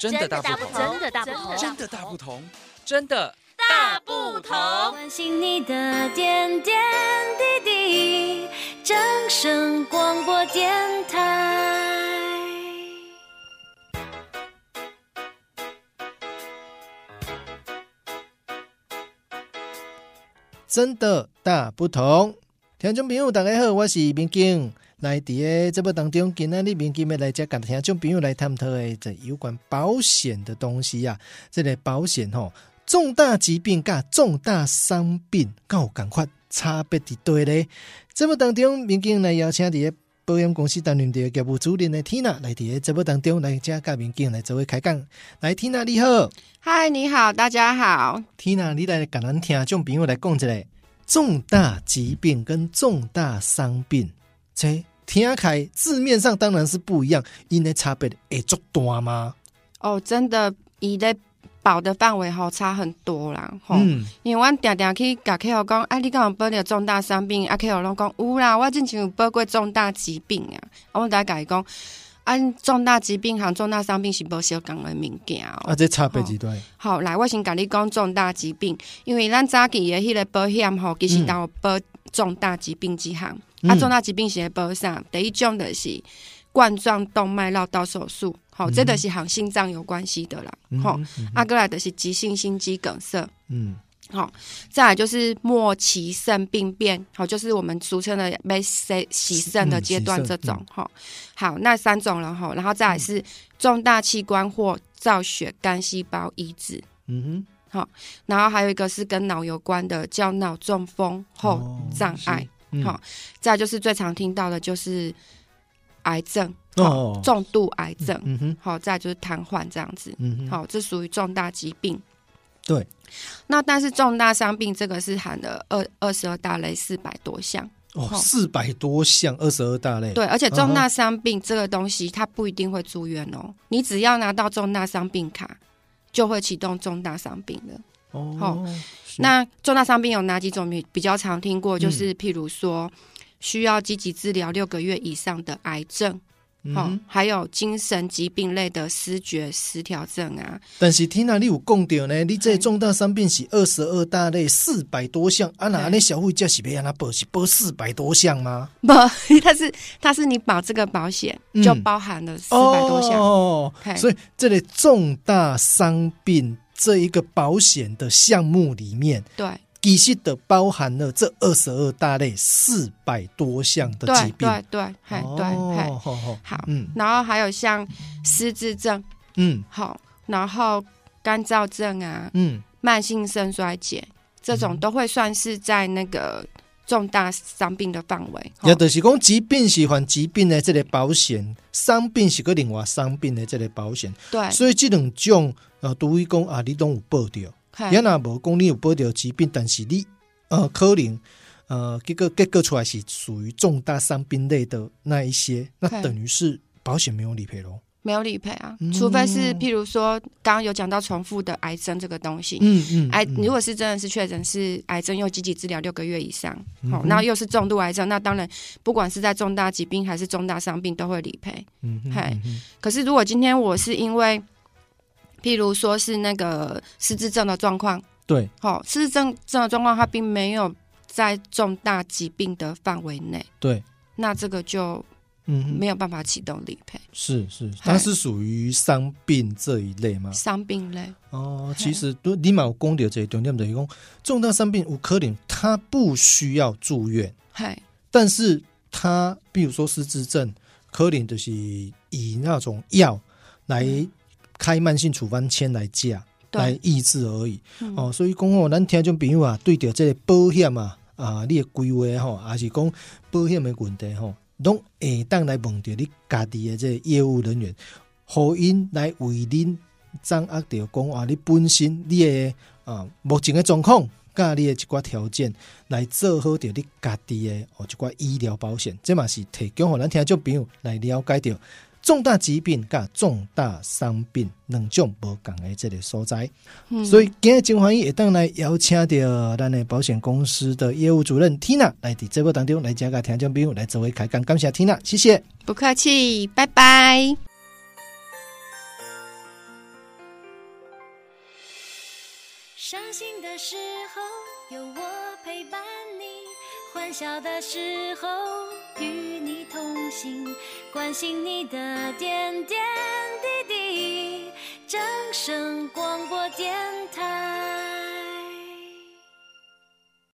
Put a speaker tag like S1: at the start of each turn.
S1: 真的大不同，真的大不同，真的大不同，真的大不同。關心你的點點滴滴，正聲廣播電台。真的大不同，聽眾朋友大家好，我是明君。來，佇個節目當中，今仔日，民警要來加講聽眾朋友來探討誒，就有關保險的東西啊，即、這個保險吼、哦，重大疾病甲重大傷病，有咁法，差別佇多咧。節目當中，民警來邀請佇個保險公司擔任個業務主任誒，Tina 來佇個節目當中來加跟民警來做伙開講。來，Tina 你好，嗨，你好，大家好。Tina，你來跟咱聽眾朋友來講一下，重大疾病跟重大傷病。聽起字面上當然是不一樣，因個差別會足大嗎？
S2: 哦，真的，伊的保的範圍好差很多啦，吼、嗯。因為我定定去甲客戶講，啊，你敢有保了重大傷病，啊，客戶攏講有啦，我之前有保過重大疾病啊。我大概講，按重大疾病含重大傷病是無相共的物件，哦。啊，
S1: 這差別幾多？
S2: 好，來，我先甲你講重大疾病，因為咱早期的那個保險吼，其實都有保、嗯。重大疾病幾項、嗯、啊？重大疾病型的第一種的是冠狀動脈繞道手術，好、哦，真的、嗯、哼是跟心臟有關係的了，好，阿個來的是急性心肌梗塞，嗯，好、哦，再來就是末期腎病變，好、哦，就是我們俗稱的被洗洗腎的階段，這種，哈、嗯嗯哦，好，那三種了，哈、哦，然後再來是重大器官或造血幹細胞移植，嗯哼。好，然後還有一個是跟腦有關的，叫腦中風後障礙。好，再就是最常聽到的就是癌症，哦，重度癌症。嗯哼，好，再就是癱瘓這樣子。嗯，好，這屬於重大疾病。對，那但是重大傷病這個是含了二二十二大類四百多項。哦，四
S1: 百多項，二十二大類。對，而且重大
S2: 傷病這個東西，它不一定會住院哦。你只要拿到重大傷病卡。就會啟動重大傷病了哦。Oh, so. 那重大傷病有哪幾種？比較常聽過，就是譬如說，需要積極治療六個月以上的癌症。好，嗯、還有精神疾病類的思覺失調症啊。
S1: 但是天哪，你有講到呢？你這重大傷病是二十二大類四百嘿多項啊？哪那消費者是別讓他保是保四百多項嗎？
S2: 不，它是它是你保這個保險、嗯、就包含了四百多項。
S1: 哦、嘿所以這類重大傷病這一個保險的項目裡面，對。其實的包含了這二十二大類四百多項的疾病，
S2: 對對，嘿對，嘿，對對對哦、好嗯好嗯，然後還有像失智症，嗯，好，然後乾燥症啊，嗯，慢性腎衰竭這種都會算是在那個重大傷病的範圍。
S1: 也都、嗯哦、是講疾病是患疾病的這類保險；傷病是個另外傷病的這類保險。對，所以這兩種呃，都會講啊，你都有報掉。也那無公立有報道疾病，但是你呃可能呃結果結果出來是屬於重大傷病類的那一些，那等於是保險沒有理賠咯？
S2: 沒有理賠啊，嗯、除非是譬如說剛剛有講到重複的癌症這個東西，嗯嗯，癌、嗯嗯、如果是真的是確診是癌症又積極治療六個月以上，哦、嗯哼，那又是重度癌症，那當然不管是在重大疾病還是重大傷病都會理賠。嗯，嗨，可是如果今天我是因為。譬如說是那個失智症的狀況，對，好、哦、失智症這種狀況，它並沒有在重大疾病的範圍內，對，那這個就嗯沒有辦法啟動理賠。
S1: 嗯、哼是是，它是屬於傷病這一類嗎？
S2: 傷病類。
S1: 哦、呃，其實都嘿你買有工療這一、個、段，你不得工重大傷病有可能，它不需要住院，
S2: 嗨嘿，但是
S1: 它譬如說失智症可能，可就是以那種藥來。開慢性處方簽來食對來抑制而已、嗯、哦，所以講哦，咱聽眾朋友啊，對着這個保險啊啊你的規劃吼，抑是講保險嘅問題吼、啊，攏會當來問着你家己嘅這個業務人員，互因來為恁掌握着講話，你本身你嘅啊目前嘅狀況，甲你嘅一寡條件來做好着你家己嘅哦一寡醫療保險，這嘛是提供互咱聽眾朋友來了解着。重大疾病加重大傷病兩種不同的這個所在，嗯、所以今日真歡迎一等來邀請到咱的保險公司的業務主任 Tina、嗯、來佇節目當中來講給聽眾朋友，來作為開講，感謝 Tina。謝謝，不客氣，拜拜。傷心的時候有我陪伴你。歡笑的時候，與你同行，關心你的點點滴滴，正聲廣播電台。